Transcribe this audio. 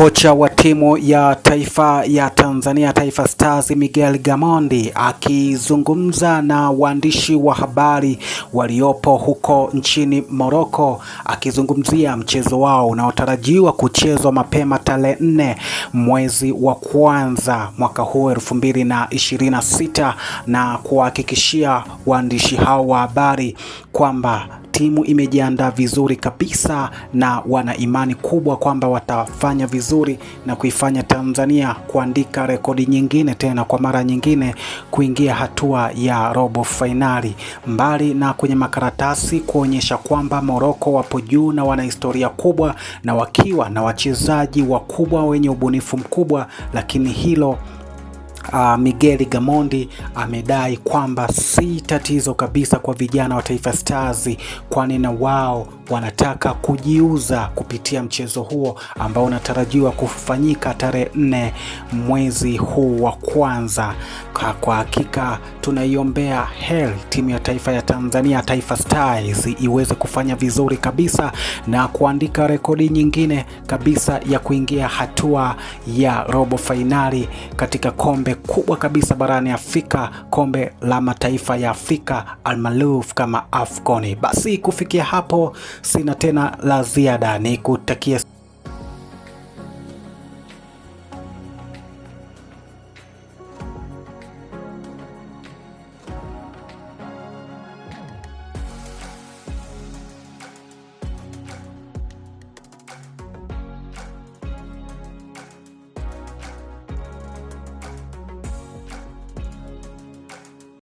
Kocha wa timu ya taifa ya Tanzania Taifa Stars Miguel Gamondi akizungumza na waandishi wa habari waliopo huko nchini Morocco akizungumzia mchezo wao unaotarajiwa kuchezwa mapema tarehe nne mwezi wa kwanza mwaka huu elfu mbili na ishirini na sita na kuhakikishia waandishi hao wa habari kwamba timu imejiandaa vizuri kabisa na wana imani kubwa kwamba watafanya vizuri na kuifanya Tanzania kuandika rekodi nyingine tena kwa mara nyingine kuingia hatua ya robo fainali. Mbali na kwenye makaratasi kuonyesha kwamba Moroko wapo juu na wana historia kubwa na wakiwa na wachezaji wakubwa wenye ubunifu mkubwa, lakini hilo uh, Miguel Gamondi amedai kwamba si tatizo kabisa kwa vijana wa Taifa Stars, kwani na wao wanataka kujiuza kupitia mchezo huo ambao unatarajiwa kufanyika tarehe nne mwezi huu wa kwanza. Kwa hakika tunaiombea hel timu ya taifa ya Tanzania, Taifa Stars, iweze kufanya vizuri kabisa na kuandika rekodi nyingine kabisa ya kuingia hatua ya robo fainali katika kombe kubwa kabisa barani Afrika, kombe la mataifa ya Afrika almaruf kama AFCON. Basi kufikia hapo, sina tena la ziada, nikutakia